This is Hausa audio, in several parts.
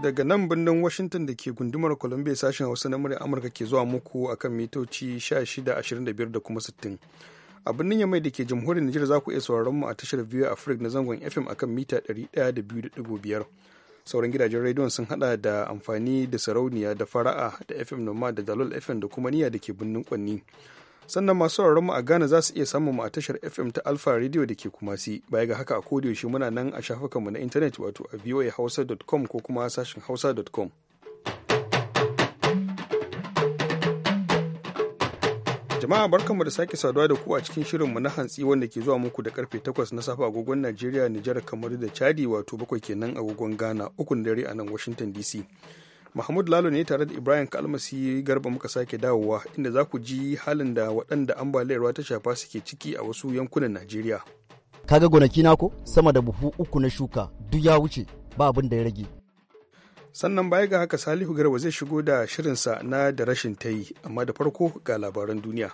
daga nan birnin Washington da ke gundumar Columbia sashen Hausa na murya Amurka ke zuwa muku akan mitoci 1625 da kuma 60. A birnin Yamai da ke jamhuriyar Nijar za ku iya sauraron mu a tashar a Africa na zangon FM akan mita 102.5. Sauran gidajen rediyon sun hada da amfani da sarauniya da fara'a da FM Noma da Dalol FM da kuma niyya da ke birnin Kwanni. sannan masu sauraron mu a Ghana za su iya samun mu a tashar FM ta Alpha Radio da ke Kumasi baya ga haka a yaushe muna nan a shafukanmu na intanet wato a voahausa.com ko kuma sashin hausa.com Jama'a barkanmu da sake saduwa da ku a cikin shirinmu na hantsi wanda ke zuwa muku da karfe 8 na safe agogon Najeriya, Nijar, kamar da Chadi wato bakwai kenan agogon Ghana, ukun dare a nan Washington DC. Mahmud Lalo ne tare da Ibrahim Kalmasi Garba muka sake dawowa inda za ku ji halin da waɗanda ambaliyar ta shafa suke ciki a wasu yankunan Najeriya. Kaga gonaki na ko sama da buhu uku na shuka duk ya wuce ba abin da ya rage. Sannan baya ga haka Salihu Garba zai shigo da shirinsa na da rashin ta yi amma da farko ga labaran duniya.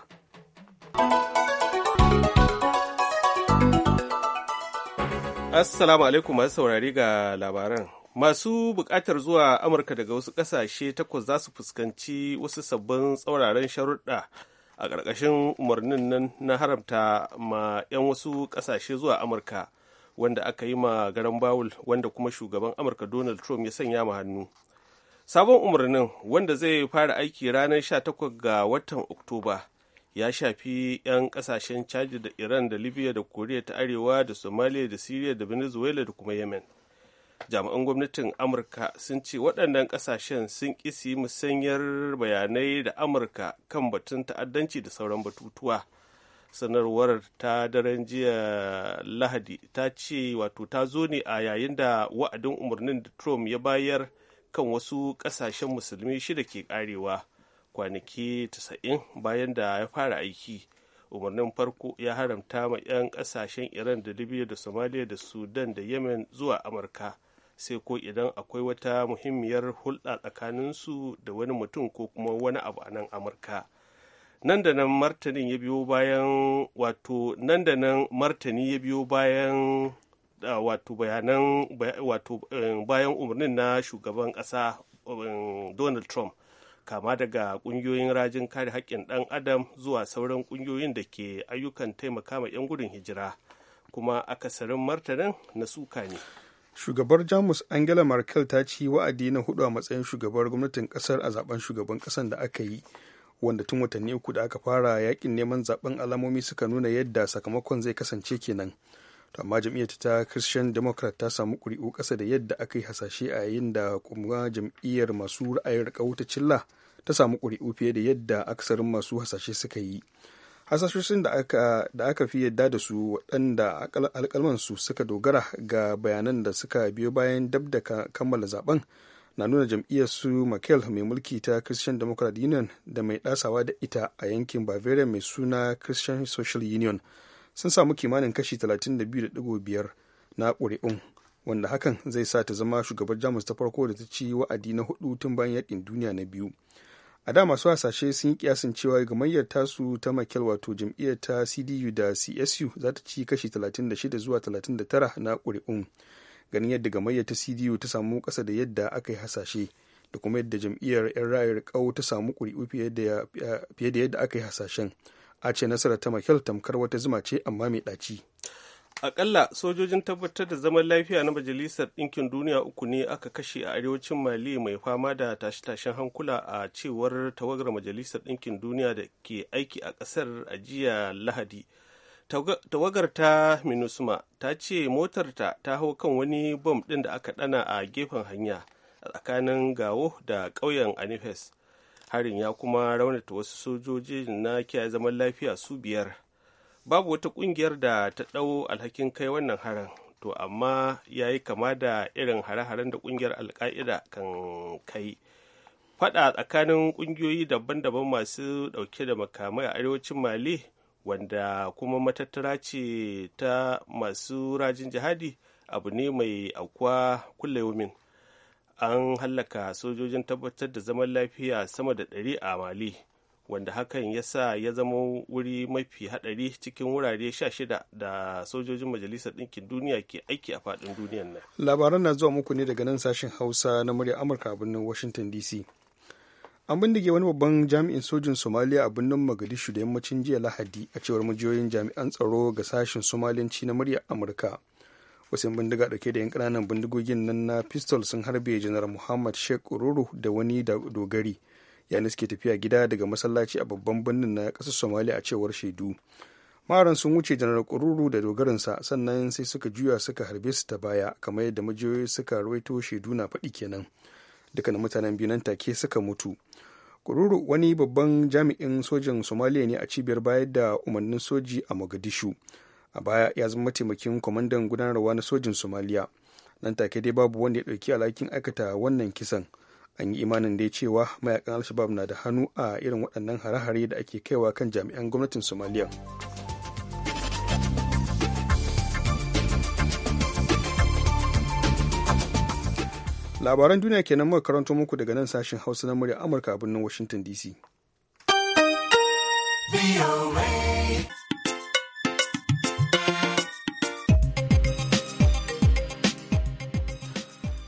Assalamu alaikum masu saurari ga labaran. masu buƙatar zuwa amurka daga wasu ƙasashe takwas za su fuskanci wasu sabbin tsauraran sharuɗa a ƙarƙashin umarnin nan na haramta ma 'yan wasu ƙasashe zuwa amurka wanda aka yi ma garan bawul wanda kuma shugaban amurka donald trump ya sanya ma hannu sabon umarnin wanda zai fara aiki ranar 18 ga watan oktoba ya shafi 'yan ƙasashen chad da iran da libya da koriya ta arewa da somalia da syria da venezuela da kuma yemen jami'an gwamnatin amurka sun ce waɗannan ƙasashen sun ƙisi musanyar bayanai da amurka kan batun ta'addanci da sauran batutuwa sanarwar ta daren jiya lahadi ta ce wato ta zo ne a yayin da wa'adin umarnin da trump ya bayar kan wasu ƙasashen musulmi shida ke karewa kwanaki 90 bayan da ya fara aiki umarnin farko ya haramta ma 'yan ƙasashen iran da libya da somalia da sudan da yemen zuwa amurka sai ko idan akwai wata muhimmiyar hulɗa tsakaninsu da wani mutum ko kuma wani abu a nan amurka nan da nan martanin ya biyo bayan wato nan da nan martani ya biyo bayan wato bayanan wato eh, bayan umarnin na shugaban ƙasa um, donald trump kama daga ƙungiyoyin rajin kare haƙƙin ɗan adam zuwa sauran ƙungiyoyin da ke ayyukan taimaka ma 'yan gudun hijira kuma akasarin martanin na suka ne shugabar jamus angela merkel ta ci wa'adi na hudu a matsayin shugabar gwamnatin kasar a zaben shugaban kasan da aka yi wanda tun watanni uku da aka fara yakin neman zaben alamomi suka nuna yadda sakamakon zai kasance kenan to amma jam'iyyar ta christian democrat ta samu kuri'u kasa da yadda aka yi hasashe a yayin da kuma jam'iyyar masu ra'ayin rikau ta cilla ta samu kuri'u fiye da yadda aksarin masu hasashe suka yi hasashoshin da aka, da aka fi yadda da su waɗanda alƙalman su suka dogara ga bayanan da suka biyo bayan dab da kammala zaben na nuna jam'iyyar su makel mai mulki ta christian democrat union da mai ɗasawa da ita a yankin bavaria mai suna christian social union sun samu kimanin kashi 32.5 na ƙuri'un wanda hakan zai sa ta zama shugabar jamus ta farko da ta ci wa'adi na hudu tun bayan yaƙin duniya na biyu a da masu hasashe sun yi kiyasin cewa gamayyar tasu ta makel wato jam'iyyar ta cdu da csu za ta ci kashi 36 zuwa 39 na ƙuri'un ganin yadda gamayyar ta cdu ta samu ƙasa da yadda aka yi hasashe da kuma yadda jam'iyyar 'yan ra'ayar ƙau ta samu ƙuri'u fiye da yadda aka yi hasashen a ce nasarar ta makel tamkar wata zuma ce amma mai ɗaci akalla sojojin tabbatar da zaman lafiya na majalisar ɗinkin duniya uku ne aka kashe a arewacin mali mai fama da tashe-tashen hankula a cewar tawagar majalisar ɗinkin duniya da ke aiki a ƙasar a jiya lahadi tawagar ta minusma ta ce motarta ta hau kan wani bom ɗin da aka ɗana a gefen hanya a tsakanin gawo da ƙauyen anifes harin ya kuma raunata wasu sojoji na kiyaye zaman lafiya su biyar babu wata ƙungiyar da ta ɗau alhakin kai wannan harin to amma ya yi kama da irin hare-haren da ƙungiyar alka'ida kan kai fada tsakanin ƙungiyoyi daban-daban masu ɗauke da makamai a arewacin mali wanda kuma matattara ce ta masu rajin jihadi abu ne mai aukuwa yomin an hallaka sojojin tabbatar da zaman lafiya sama da ɗari a mali wanda hakan ya sa ya zama wuri mafi hadari cikin wurare sha shida da sojojin majalisar ɗinkin duniya ke aiki a faɗin duniyan nan. labaran na zuwa muku ne daga nan sashen hausa na murya amurka a birnin washington dc an bindige wani babban jami'in sojin somaliya a birnin magadishu da yammacin jiya lahadi a cewar majiyoyin jami'an tsaro ga sashen somaliyanci na murya amurka wasu bindiga dauke da yan kananan bindigogin nan na pistol sun harbe janar muhammad sheikh ururu da wani dogari yayin suke tafiya gida daga masallaci a babban birnin na ƙasar somalia a cewar shaidu maran sun wuce janar kururu da dogarinsa sannan sai suka juya suka harbe su ta baya kamar yadda majiyoyi suka rawaito shaidu na faɗi kenan dukkanin mutanen biyu nan take suka mutu kururu wani babban jami'in sojan somalia ne a cibiyar bayar da umarnin soji a mogadishu a baya ya zama mataimakin kwamandan gudanarwa na sojin somalia nan take dai babu wanda ya ɗauki alhakin aikata wannan kisan an yi imanin dai cewa mayakan alshabab na da hannu a irin waɗannan hare-hare da ake kaiwa kan jami'an gwamnatin somaliya labaran duniya kenan muka karanto muku daga nan sashen hausa na murya amurka a birnin washington dc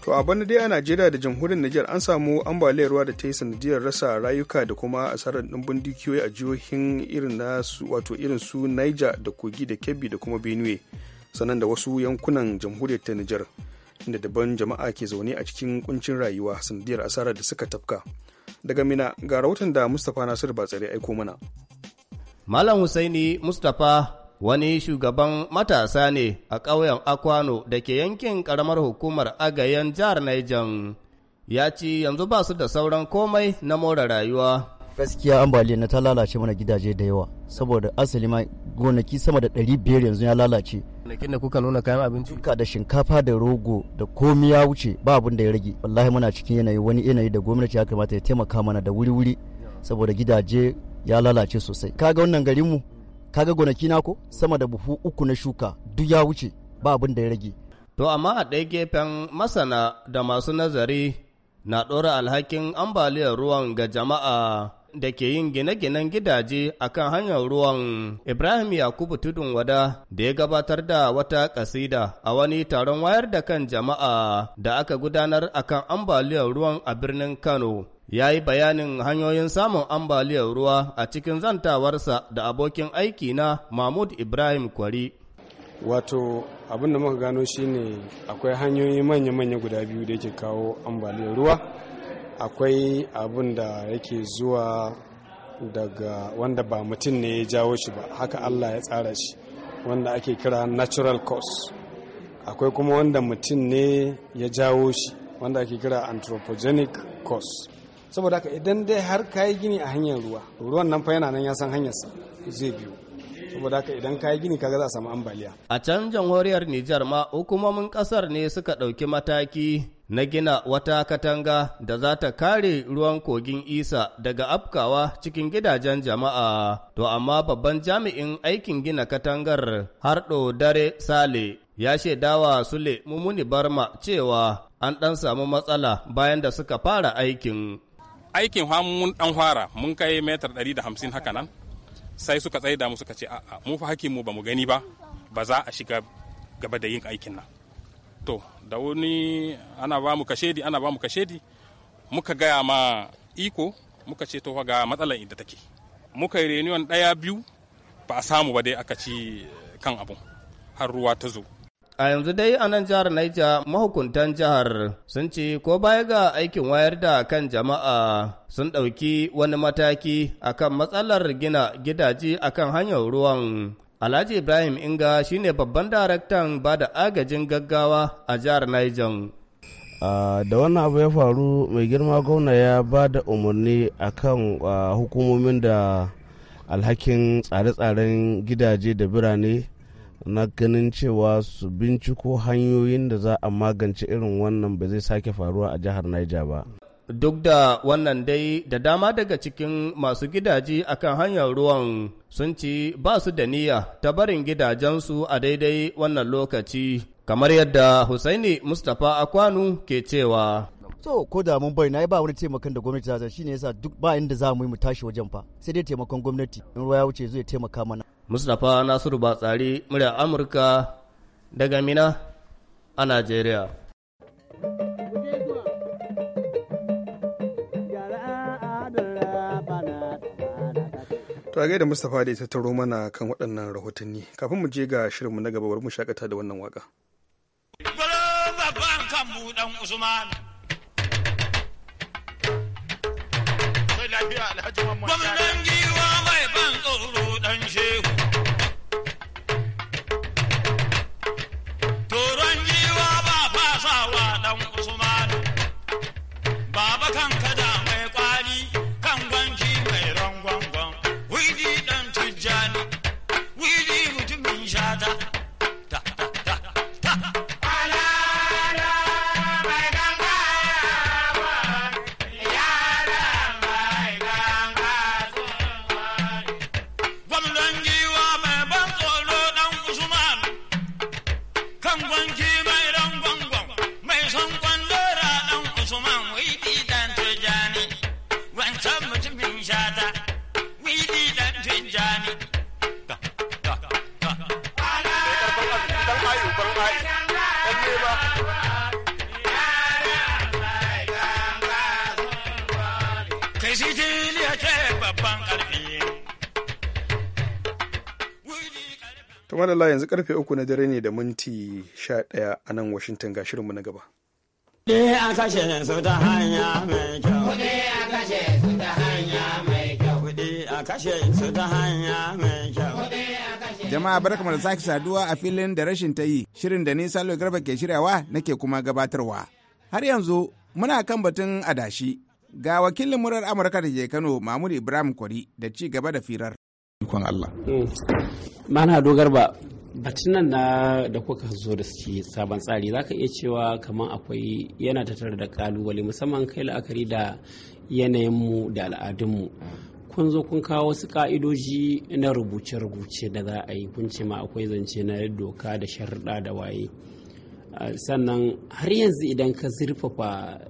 to a bana dai a najeriya da jamhuriyar niger an samu ambaliyar ruwa da ta yi sanadiyar rasa rayuka da kuma asarar ɗumbin dukiyoyi a jihohin irin na wato irin su niger da kogi da kebbi da kuma benue sannan da wasu yankunan jamhuriyar ta niger inda daban jama'a ke zaune a cikin kuncin rayuwa sanadiyar asarar da suka tafka daga mina ga rahoton da mustapha nasiru batsari aiko mana malam husaini mustapha wani shugaban matasa ne a ƙauyen Akwano da ke yankin ƙaramar hukumar agayen jihar Niger. Ya ci yanzu ba su da sauran komai na more rayuwa. Gaskiya ambaliya na ta lalace mana gidaje da yawa saboda asali ma gonaki sama da ɗari biyar yanzu ya lalace. Gonakin da kuka nuna kayan abinci? Duka da shinkafa da rogo da komi ya wuce ba abin da ya rage. Wallahi muna cikin yanayi wani yanayi da gwamnati ya kamata ya taimaka mana da wuri-wuri saboda gidaje ya lalace sosai. ga wannan garinmu kaga gonaki na ko sama da buhu uku na shuka duk ya wuce ba abin da ya rage to amma a ɗaya gefen masana da masu nazari na ɗora alhakin ambaliyar ruwan ga jama'a da ke yin gine-ginen gidaje akan hanyar ruwan Ibrahim Yakubu Tudun Wada da ya gabatar da wata kasida a wani taron wayar da kan jama'a da aka gudanar a kan ambaliyar ruwan a birnin Kano. ya yi bayanin hanyoyin samun ambaliyar ruwa a cikin zantawarsa da abokin aiki na mahmud ibrahim kwari wato abin da muka gano shine akwai hanyoyi manya-manya guda biyu da yake kawo ambaliyar ruwa akwai abin da yake zuwa daga wanda ba mutum ne ya jawo shi ba haka allah ya tsara shi wanda ake kira natural cause akwai kuma wanda mutum ne ya jawo shi wanda ake kira anthropogenic cause saboda haka idan dai har ka yi gini a hanyar ruwa ruwan nan fa yana nan ya san hanyarsa zai biyu saboda haka idan ka yi gini kaga za a samu ambaliya a can jamhuriyar Nijar ma hukumomin kasar ne suka ɗauki mataki na gina wata katanga da za ta kare ruwan kogin isa daga afkawa cikin gidajen jama'a to amma babban jami'in aikin gina katangar hardo dare sale ya shaidawa sule mumuni barma cewa an ɗan samu matsala bayan da suka fara aikin aikin mun dan fara mun kai metar 150 haka nan sai suka da mu suka ce a'a mu fa hakkin mu bamu gani ba ba za a shiga gaba da yin aikin nan to da wani ana ba mu kashedi ana ba mu kashedi muka gaya ma iko muka ce to ga matsalar inda take muka yi reniyon daya biyu ba a samu ba dai aka ci kan abun har ruwa ta zo A yanzu dai a nan jihar Naija mahukuntan jihar sun ce ko baya ga aikin wayar da kan jama'a sun ɗauki wani mataki akan matsalar gina gidaje akan hanyar ruwan. Alhaji Ibrahim Inga shine babban daraktan ba da agajin gaggawa a jihar Naija. da wannan abu ya faru mai girma gwamna ya ba da umarni akan uh, hukumomin da alhakin tsare-tsaren gidaje da birane na ganin cewa su binciko hanyoyin da za a magance irin wannan ba zai sake faruwa a jihar Niger ba. Duk da wannan dai da dama daga cikin masu gidaje akan hanyar ruwan sun ci ba su da niyya ta barin gidajensu a daidai wannan lokaci kamar yadda Husaini Mustapha Akwanu ke cewa. so ko da mun bai na ba wani taimakon da gwamnati ta shine yasa duk ba inda za mu yi mu tashi wajen fa sai dai taimakon gwamnati in ruwa ya wuce zai taimaka mana Mustapha Nasiru Batsari murya Amurka daga Mina a Najeriya. To da Mustapha da ita taro mana kan waɗannan rahotanni kafin mu je ga shirinmu na gaba mu shakata da wannan waka. babban Gwamnan giwa mai ban tsoro ɗan shehu. kamar Allah yanzu karfe uku na dare ne da minti sha ɗaya a nan Washington ga shirinmu na gaba. Jama'a barkamu da sake saduwa a filin da rashin ta yi shirin da nisa Salo Garba ke shiryawa nake kuma gabatarwa. Har yanzu muna kan batun adashi ga wakilin murar Amurka da ke Kano Mahmud Ibrahim Kwari da ci gaba da firar. ikon Allah. Hmm. Mana dogar ba batun nan na da kuka zo da suke sabon tsari za ka iya cewa kamar akwai yana tattare da kalubale musamman kai la'akari da yanayinmu da al'adunmu kun zo kun kawo wasu ka'idoji na rubuce-rubuce da za a yi kun ce ma akwai zance na doka da sharuɗa da waye sannan har yanzu idan ka zurfafa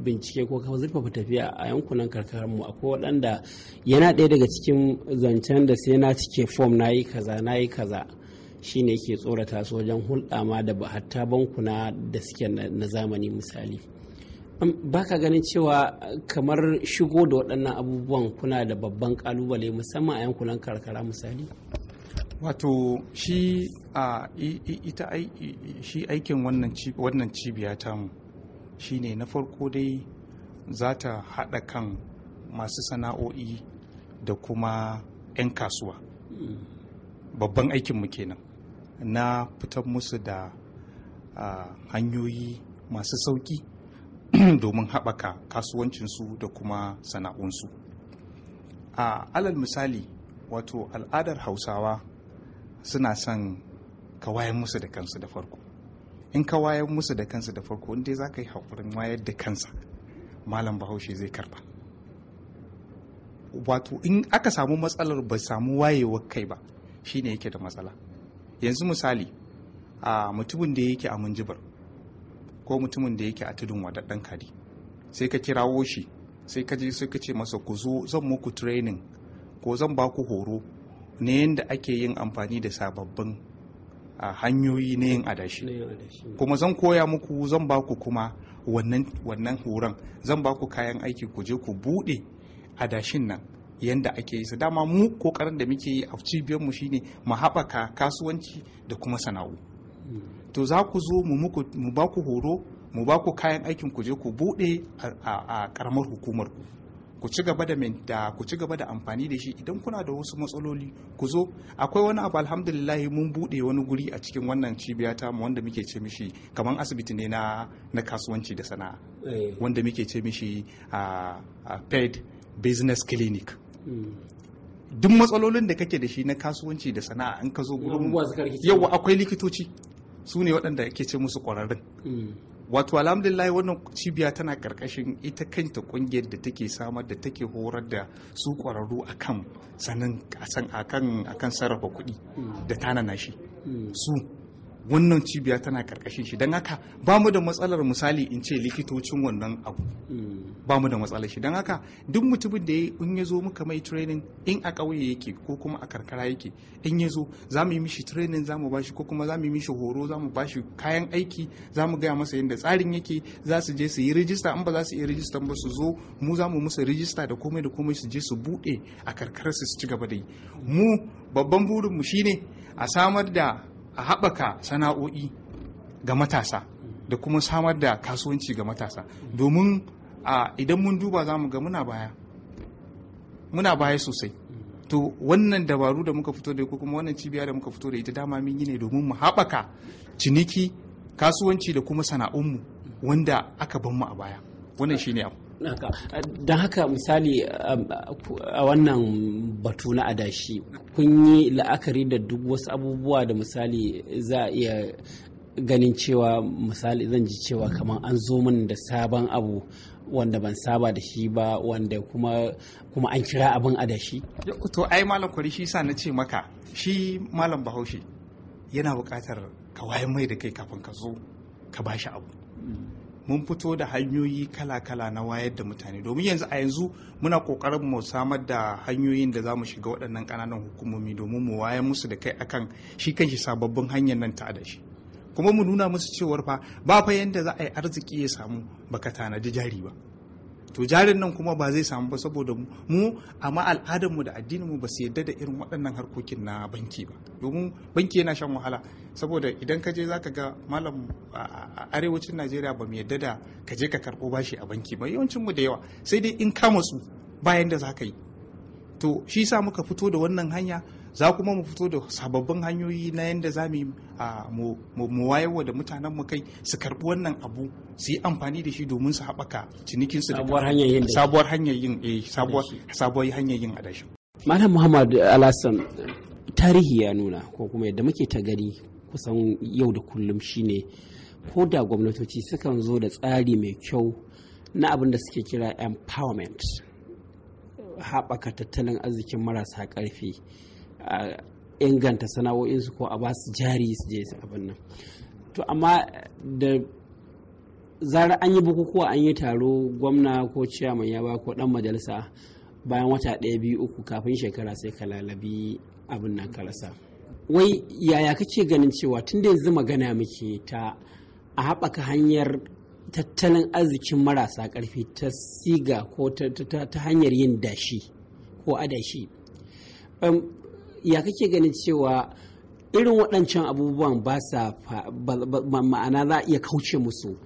bincike ko kafa zurfafa tafiya a yankunan karkarar mu akwai waɗanda yana ɗaya daga cikin zancen da sai na cike fom na yi kaza na yi kaza shine yake tsorata su wajen hulɗa ma da hatta bankuna da suke na zamani misali ba ka ganin cewa kamar shigo da waɗannan abubuwan kuna da babban kalubale musamman a yankunan karkara misali wato shi a ita shi aikin wannan cibiya tamu shine na farko dai za ta haɗa kan masu sana'o'i da kuma 'yan kasuwa babban aikinmu kenan na fitar musu da hanyoyi masu sauƙi domin haɓaka kasuwancinsu da kuma sana'unsu a alal misali wato al'adar hausawa suna son ka wayan musu da kansu da farko in ka wayar musu da kansa da farko in dai za ka yi haƙurin wayar da kansa malam bahaushe zai karba wato in aka samu matsalar ba samu wayewar kai ba shine yake da matsala yanzu misali a mutumin da yake a munjibar ko mutumin da yake a tudun wadaddan kadi sai ka kirawo shi sai ka je sai ka ce masa ku zo zan muku training ko zan ba ku horo na yadda ake yin amfani da sababbin A hanyoyi na yin adashi kuma zan koya muku zan ba ku kuma wannan horon zan ba ku kayan aiki ku je ku buɗe adashin nan yadda ake yi su dama mu kokarin da muke yi a cibiyar mu shine mu haɓaka kasuwanci da kuma sana'u hmm. to za ku zo mu ba ku horo mu ba ku kayan aikin ku je ku bude a karamar hukumar ku ku ci gaba da da ku ci gaba da amfani da shi idan kuna da wasu matsaloli ku zo akwai wani abu alhamdulillah mun bude wani guri a cikin wannan cibiya ta mu wanda muke ce mishi kaman asibiti ne na na kasuwanci da sana'a eh. wanda muke ce mishi a paid business clinic hmm. duk matsalolin da kake da shi na kasuwanci da sana'a in ka zo gurin yawa akwai likitoci su ne waɗanda ake ce musu ƙwararrun hmm. wato alhamdulillah wannan cibiya tana karkashin ita kanta kungiyar da take samar da take horar da su kwararru akan sanin akan akan sarrafa kuɗi da tanana nashi su wannan cibiya tana karkashin shi don haka ba mu da matsalar misali in ce likitocin wannan abu ba mu da matsalar shi don haka duk mutumin da in ya zo muka mai training in a ƙauye yake ko kuma a karkara yake in ya zo za mu yi mishi training za mu ba shi ko kuma za mu yi mishi horo za mu ba shi kayan aiki za mu gaya masa yadda tsarin yake za su je su yi rijista in ba za su yi rijista ba su zo mu za mu musu rijista da komai da komai su je su buɗe a karkara su ci gaba da yi mu babban burinmu shine a samar da a haɓaka sana'o'i ga matasa da kuma samar da kasuwanci ga matasa domin a idan mun duba za mu ga muna baya muna baya sosai to wannan dabaru da muka fito da ko kuma wannan cibiya da muka fito da ita dama mun yi ne domin mu haɓaka ciniki kasuwanci da kuma sana'unmu wanda aka ban mu a baya wannan shine abu don haka misali um, a wannan batu na adashi kun yi la'akari da duk wasu abubuwa da misali za a iya ganin cewa misali zan ji cewa kamar an zo min da sabon abu wanda ban saba da shi ba wanda kuma an kira abin a da shi to ai malam kwari shi sa na ce maka shi malam bahaushe yana buƙatar ka waye mai da kai kafin ka zo ka ba shi abu mun fito da hanyoyi kala-kala na wayar da mutane domin yanzu a yanzu muna ƙoƙarin mu samar da hanyoyin da za mu shiga waɗannan ƙananan hukumomi domin mu wayar musu da kai akan shi kan shi sababbin hanyar nan ta adashi kuma mu nuna musu cewar fa ba fa yadda za a yi arziki ya samu baka tanadi jari ba to jarin nan kuma ba zai samu ba saboda mu amma al'adar mu da addinin mu ba su yadda da irin waɗannan harkokin na banki ba domin banki yana shan wahala saboda idan ka je zaka ga malam a arewacin Najeriya ba mu yadda da ka je ka karɓo bashi a banki ba yawancin mu da yawa sai dai in kama su bayan da zaka yi to shi sa muka fito da wannan hanya za kuma mu fito da sababbin hanyoyi na yadda za mu wayarwa da mutanen mu kai su karbi wannan abu su yi amfani da shi domin su haɓaka cinikin su sabuwar hanyar yin sabuwar hanyar yin eh, adashi malam muhammad alasan tarihi ya nuna ko kuma yadda muke ta gani kusan yau da kullum shine ko da gwamnatoci sukan zo da tsari mai kyau na abin da suke kira empowerment haɓaka tattalin arzikin marasa ƙarfi a inganta sana'o'insu ko a ba su jari su je su abin nan to amma da zarar an yi bukukuwa an yi taro gwamna ko ciyaman ya ba ko dan majalisa bayan wata ɗaya biyu uku kafin shekara sai ka lalabi abin nan ka rasa wai yaya kake ganin cewa tun da yanzu magana muke ta a haɓaka hanyar tattalin arzikin marasa ƙarfi ta siga ko ta hanyar yin dashi ko adashi ya kake ganin cewa irin waɗancan abubuwan ba sa ma'ana za iya kauce musu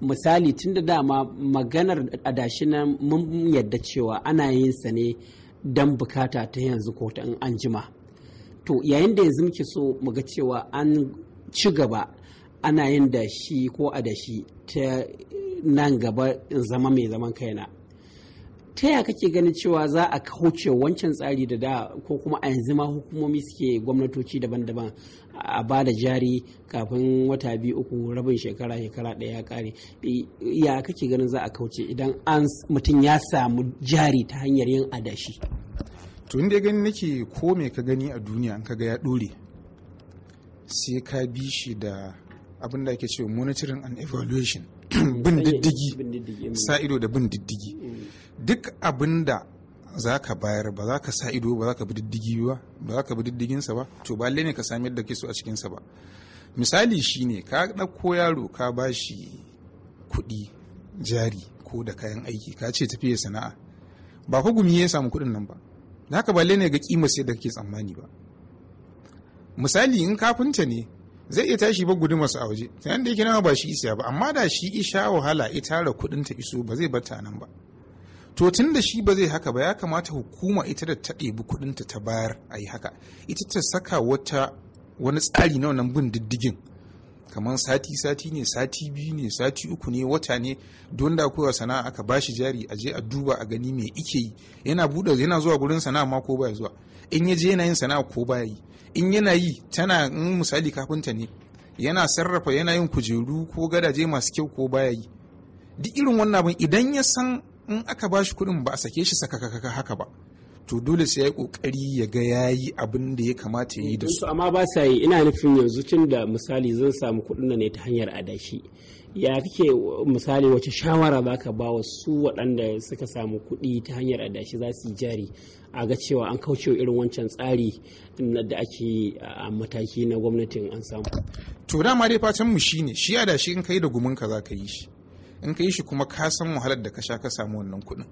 misali tun da dama maganar adashi na mun yadda cewa ana yin sa ne don bukata ta yanzu ko ta an jima to yayin da yanzu muke so muga cewa an ci gaba ana yin da shi ko adashi ta nan gaba zama mai zaman kaina ta ya kake ganin cewa za a kauce wancan tsari da da ko kuma a yanzu ma hukumomi suke gwamnatoci daban-daban a ba da jari kafin wata biyu uku rabin shekara shekara ya kare ya kake ganin za a kauce idan an mutum ya samu jari ta hanyar yin adashi to inda gani nake ko me ka gani a duniya an kaga ya dole sai ka bi shi da abin da ake cewa monitoring and evaluation bin diddigi mm. sa ido da bin diddigi mm. duk abin da za ka bayar ba za ka sa ido ba za ka bi diddigi ba ba za ka bi diddiginsa ba to ba ne ka sami yadda ke so a cikinsa ba misali shine ka ɗauko yaro ka ba shi kuɗi jari ko da kayan aiki ka ce ya sana'a ba ku gumi ya samu kuɗin nan ba da haka ba ne ga kima sai da kake tsammani ba misali in kafinta ne zai iya tashi ba gudumarsa a waje sayan da yake nawa ba shi isa ba amma da shi isha wahala ita tara kuɗin ta iso ba zai bata nan ba to tun da shi ba zai haka ba ya kamata hukuma ita da ta ɗebi kuɗinta ta bayar a yi haka ita ta saka wata wani tsari na wannan bin diddigin kamar sati sati ne sati biyu ne sati uku ne wata ne don da kowa sana'a aka ba shi jari a je a duba a gani me ike yi yana buɗe yana zuwa gurin sana'a ma ko baya zuwa in ya je yana yin sana'a ko baya yi in yana yi tana in misali kafinta ne yana sarrafa yana yin kujeru ko gadaje masu kyau ko baya yi duk irin wannan abin idan ya san in aka ba shi kuɗin ba a sake shi sakakaka haka ba to dole sai ya yi kokari ya ga ya yi abin da ya kamata ya yi da su amma ba sa yi ina nufin yanzu tun da misali zan samu kuɗin da ne ta hanyar adashi ya kake misali wace shawara zaka ka ba wa su waɗanda suka samu kuɗi ta hanyar adashi za su yi jari a ga cewa an kauce wa irin wancan tsari da ake a mataki na gwamnatin an samu to dama dai fatan mu shine shi adashi in kai da gumin ka za ka yi shi in ka yi shi kuma ka san wahalar da ka sha ka samu wannan kuɗin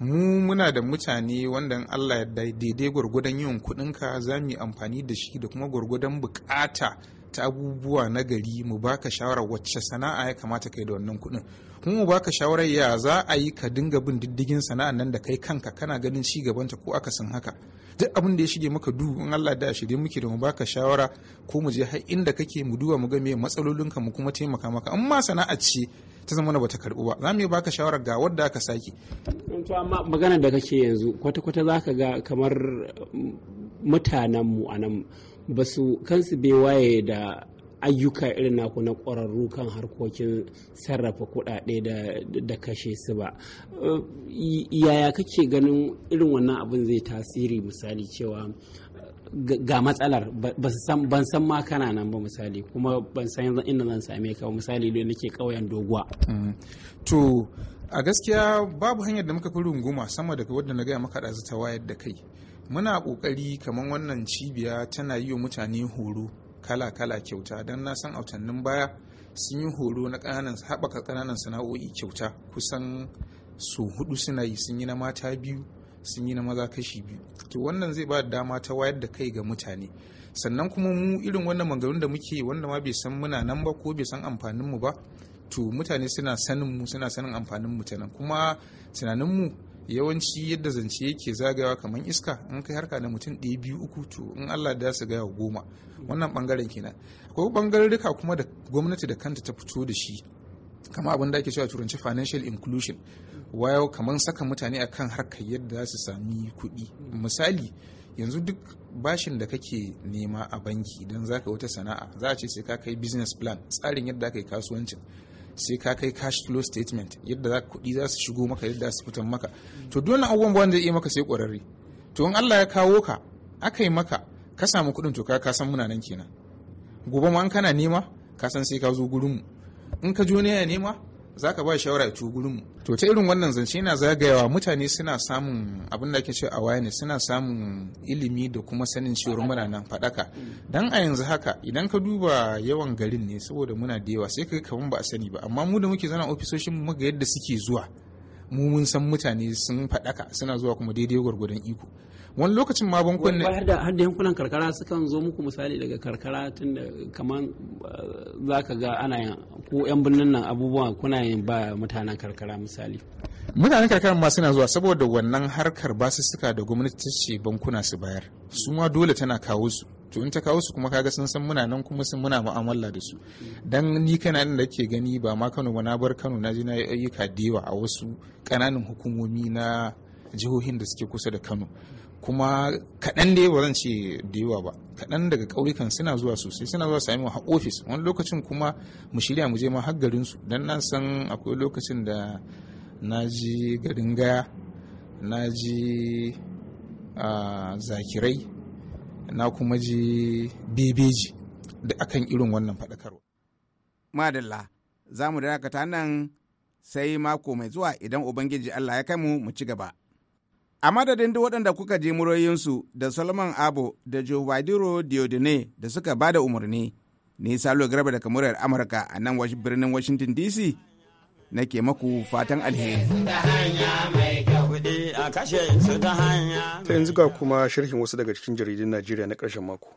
mu muna da mutane wanda Allah ya daidai gwargwadon yin kuɗinka za mu yi amfani da shi da kuma gwargwadon bukata ta abubuwa na gari mu baka shawarar wacce sana'a ya kamata kai da wannan kuɗin kuma mu baka shawarar ya za a yi ka dinga bin diddigin sana'a nan da kai kanka kana ganin ci gabanta ko akasin haka duk abin da ya shige maka duhu in Allah da shirye muke da mu baka shawara ko mu je har inda kake mu duba mu ga me matsalolinka mu kuma taimaka maka in ma sana'a ce ta zama bata karbu ba za mu yi baka shawarar ga wadda aka sake to amma magana da kake yanzu kwata-kwata zaka ga kamar mutanenmu a nan ba su kansu bai waye da ayyuka irin naku na ƙwararru kan harkokin sarrafa kuɗaɗe da kashe su ba eh, yaya kake ganin irin wannan abin zai tasiri misali cewa ga matsalar ban san ma kana nan ba misali kuma ban san yanzu inda zan same ka misali da nake ƙauyen doguwa mm. to a gaskiya babu hanyar da muka fi runguma sama daga wadda na gaya maka ɗazu ta wayar da kai muna ƙoƙari kamar wannan cibiya tana yi wa mutane horo kala-kala kyauta don na san autannin baya sun yi horo na haɓaka ƙananan sana'o'i kyauta kusan su hudu suna yi sun yi na mata biyu sun yi na maza kashi biyu to wannan zai ba da dama ta wayar da kai ga mutane sannan kuma mu irin wannan magarin da muke wanda ma bai san muna nan ba ko bai san amfanin mu ba to mutane suna sanin mu suna sanin amfanin mu ta kuma tunanin mu yawanci yadda zance yake zagayawa kamar iska in kai harka da mutum ɗaya biyu uku to in Allah da su gaya goma wannan bangaren kenan akwai duka kuma da gwamnati da kanta ta fito da shi kama abin da ake cewa turanci financial inclusion wayo kamar saka mutane akan harka yadda za su sami kuɗi misali yanzu duk bashin da kake nema a banki don zaka wata sana'a za a ce sai ka kai business plan tsarin yadda aka yi kasuwancin sai ka kai cash flow statement yadda za kuɗi za su shigo maka yadda su fitan maka to dole abubuwan ba wanda zai iya maka sai ƙwararre to in Allah ya kawo ka aka yi maka ka samu kuɗin to ka san muna nan kenan gobe ma an kana nema ka san sai ka zo gurin mu in ka jo ne ya nema za ka ba shawara ya gurin mu to ta irin wannan zance yana zagayawa mutane suna samun abin da ake cewa awareness suna samun ilimi da kuma sanin cewar muna nan faɗaka mm. dan a yanzu haka idan ka duba yawan garin ne saboda muna da yawa sai ka kaman ba a sani ba amma mu da muke zana ofisoshin mu ga yadda suke zuwa mu mun san mutane sun faɗaka suna zuwa kuma daidai gwargwadon iko wani lokacin ma bankunan har har da yankunan karkara sukan zo muku misali daga karkara tun da kaman eh, zaka ga ana yin ko yan birnin nan abubuwa kuna yin ba mutanen karkara misali mutanen karkara ma suna zuwa saboda wannan harkar suka da gwamnati ta ce bankuna su bayar su ma dole tana kawo su to in ta kawo su kuma kaga sun san muna nan kuma sun muna mu'amala da su dan ni kana da ke gani ba ma Kano ba na bar Kano na je na ayyuka da yawa a wasu kananan hukumomi na jihohin da suke kusa da Kano kuma kaɗan da ba zan ce da yawa ba kaɗan daga ƙauyukan suna zuwa sosai suna zuwa sami wa ofis wani lokacin kuma mu shirya mu je ma har garin su dan na san akwai lokacin da na ji garin gaya na ji zakirai na kuma ji bebeji da akan irin wannan faɗakarwa. madalla za mu dakata nan sai mako mai zuwa idan ubangiji allah ya kai mu mu ci gaba A madadin duk waɗanda kuka ji muryoyinsu da Solomon Abo da Jovadiro Diodine da suka ba da umarni, ni Salo Garba daga muryar Amurka a nan birnin Washington DC nake maku fatan alheri. Ta yanzu ga kuma sharhin wasu daga cikin jaridun Najeriya na ƙarshen mako.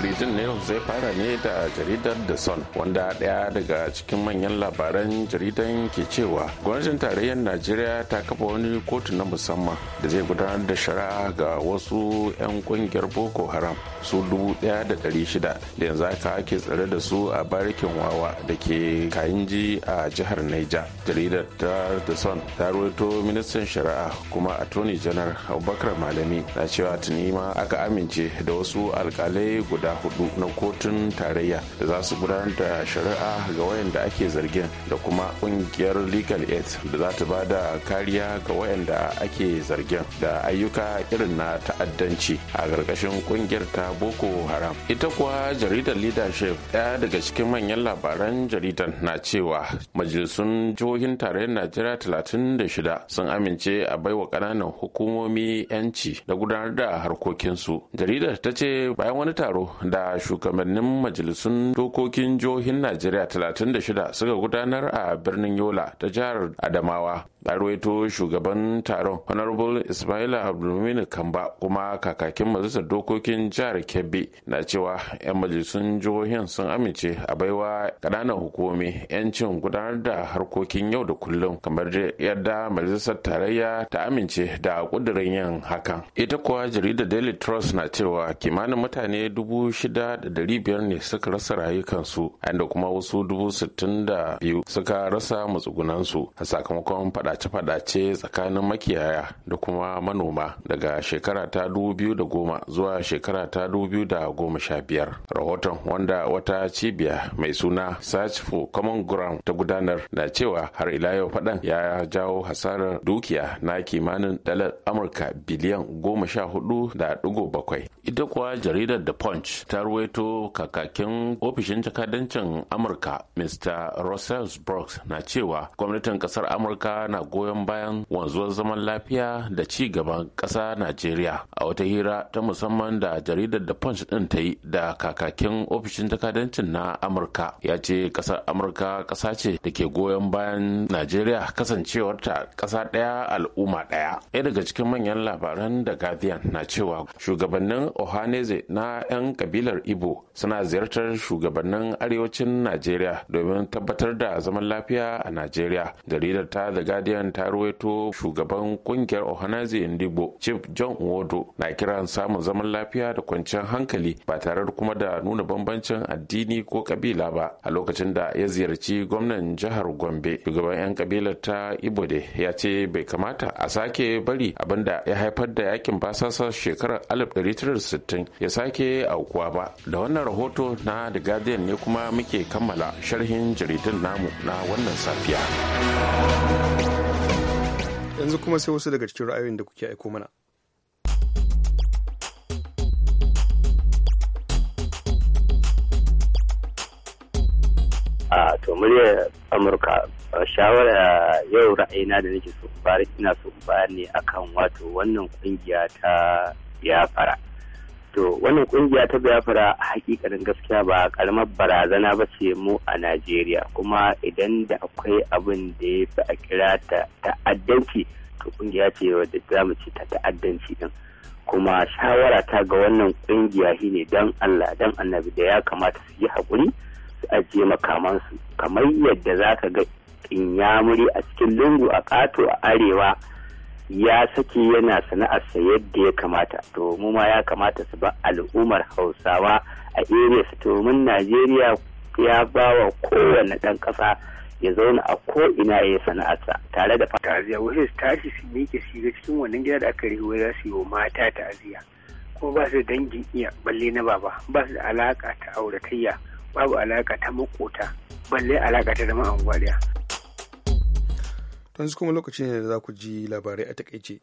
jaridun ne zai fara ne da jaridar The Sun wanda daya daga cikin manyan labaran jaridan ke cewa gwamnatin tarayyar Najeriya ta kafa wani kotu na musamman da zai gudanar da shari'a ga wasu 'yan kungiyar Boko Haram su dubu daya da ɗari shida da yanzu aka ake tsare da su a barikin wawa da ke Kayinji a jihar Niger. Jaridar ta The Sun ta ruwaito ministan shari'a kuma attorney general Abubakar Malami na cewa tuni ma aka amince da wasu alkalai guda guda hudu na kotun tarayya da za su gudanar da shari'a ga wayanda ake zargin da kuma kungiyar legal aid da za ta ba da kariya ga wayanda ake zargin da ayyuka irin na ta'addanci a ƙarƙashin kungiyar ta boko haram ita kuwa jaridar leadership ɗaya daga cikin manyan labaran jaridar na cewa majalisun jihohin tarayyar najeriya talatin da shida sun amince a baiwa ƙananan hukumomi 'yanci da gudanar da harkokinsu jaridar ta ce bayan wani taro da shugabannin majalisun dokokin jihohin najeriya 36 suka gudanar a birnin yola ta jihar adamawa a ruwaito shugaban taron honorable ismaila abdulmumin kamba kuma kakakin majalisar dokokin jihar kebbi na cewa 'yan majalisun jihohin sun amince a baiwa kananan hukumi 'yancin gudanar da harkokin yau da kullum kamar yadda majalisar tarayya ta amince da kudirin yin hakan ita kuwa jaridar daily trust na cewa kimanin mutane dubu shida da dari biyar ne suka rasa rayukansu inda kuma wasu dubu sittin da biyu suka rasa matsugunansu a sakamakon faɗa fadace-fadace tsakanin makiyaya da kuma manoma daga shekara ta goma zuwa shekara ta biyar. rahoton wanda wata cibiya mai suna search for common ground ta gudanar na cewa har ila yau fadan ya jawo hasarar dukiya na kimanin dalar amurka biliyan goma sha hudu da digo bakwai ita kuwa jaridar the punch ta ruwaito kakakin ofishin jakadancin amurka mr russell brooks na cewa gwamnatin kasar amurka na goyon bayan wanzuwar zaman lafiya da ci gaban kasa najeriya a wata hira ta musamman da jaridar the punch din ta yi da kakakin ofishin jakadancin na amurka ya ce kasar amurka kasa ce da ke goyon bayan najeriya kasancewarta kasa ɗaya al'umma ɗaya ɗaya daga cikin manyan labaran da guardian na cewa shugabannin ohaneze na 'yan kabilar ibo suna ziyartar shugabannin arewacin najeriya domin tabbatar da zaman lafiya a najeriya jaridar ta the guardian ta ruwaito shugaban kungiyar ohaneze ndibo chief john wodo na kiran samun zaman lafiya da kwanciyar hankali ba tare da kuma da nuna bambancin addini ko kabila ba a lokacin da ya ziyarci gwamnan jihar gombe shugaban 'yan kabilar ta ibo de ya ce bai kamata a sake bari abinda ya haifar da yakin basasa shekarar 60 ya sake aukuwa ba da wannan rahoto na the guardian ne kuma muke kammala sharhin jaridun namu na wannan safiya yanzu kuma sai wasu daga cikin ra'ayoyin da kuke aiko mana ah, a to muryar amurka shawara yau ra'ayina da nake so bayar ina so bayar ne akan wato wannan kungiya ta ya fara To wannan kungiya ta Biafra hakikanin gaskiya ba karamar barazana ba ce mu a Najeriya kuma idan da akwai abin da ya fi a kira ta ta'addanci to kungiya ce wadda za mu ce ta ta'addanci din. Kuma shawara ta ga wannan kungiya shine dan Allah dan annabi da ya kamata su yi haƙuri su ajiye makamansu kamar yadda za ka ga inyamuri a cikin lungu a ƙato a arewa ya sake yana sana'ar sa yadda ya kamata to mu ma ya kamata su ba al'ummar hausawa a area su domin najeriya ya ba wa kowane ɗan ƙasa ya zauna a ko ina ya sana'ar sa tare da ta'aziya wasu su tashi su miƙe su ga cikin wannan gida da aka rihuwa za su yi wa mata ta'aziya ko ba su dangin iya balle na baba ba su da alaƙa ta auratayya babu alaƙa ta makota balle alaƙa ta zama anguwa yanzu kuma lokaci ne da za ku ji labarai a takaice.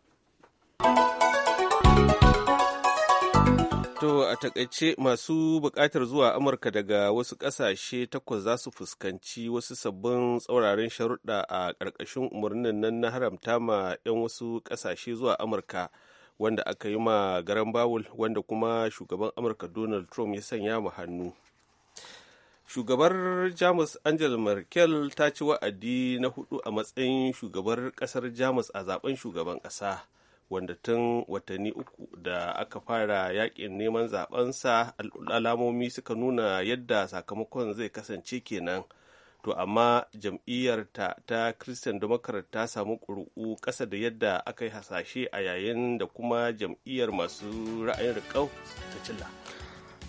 To a takaice masu bukatar zuwa Amurka daga wasu ƙasashe takwas za su fuskanci wasu sabbin tsauraran sharuɗa a ƙarƙashin umarnin nan na haramta ma 'yan wasu ƙasashe zuwa Amurka wanda aka yi ma garan bawul wanda kuma shugaban Amurka Donald Trump ya sanya mu hannu. shugabar jamus angel merkel ta ci wa'adi na hudu a matsayin shugabar kasar jamus a zaben shugaban kasa wanda tun watanni uku da aka fara yakin neman zabensa alamomi suka nuna yadda sakamakon zai kasance kenan to amma jam'iyyar ta ta christian democrat ta samu ƙuri'u ƙasa da yadda aka yi hasashe a yayin da kuma jam'iyyar masu ra'ayin riƙau ta cilla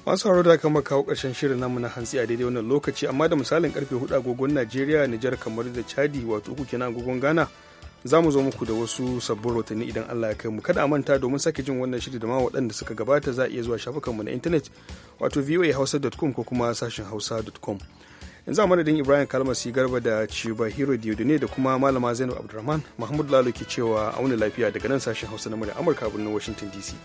masu haro da kama kawo ƙarshen shirin namu na hantsi a daidai wannan lokaci amma da misalin karfe hudu agogon najeriya nijar kamar da chadi wato uku kenan agogon ghana za mu zo muku da wasu sabbin rotanni idan allah ya kai mu kada a manta domin sake jin wannan shiri da ma waɗanda suka gabata za a iya zuwa shafukanmu na intanet wato voahausa.com ko kuma sashen hausa.com yanzu a madadin ibrahim kalmasi garba da ciba hero diodone da kuma malama zainab abdulrahman mahmud lalo ke cewa auna lafiya daga nan sashen hausa na murya amurka birnin washington dc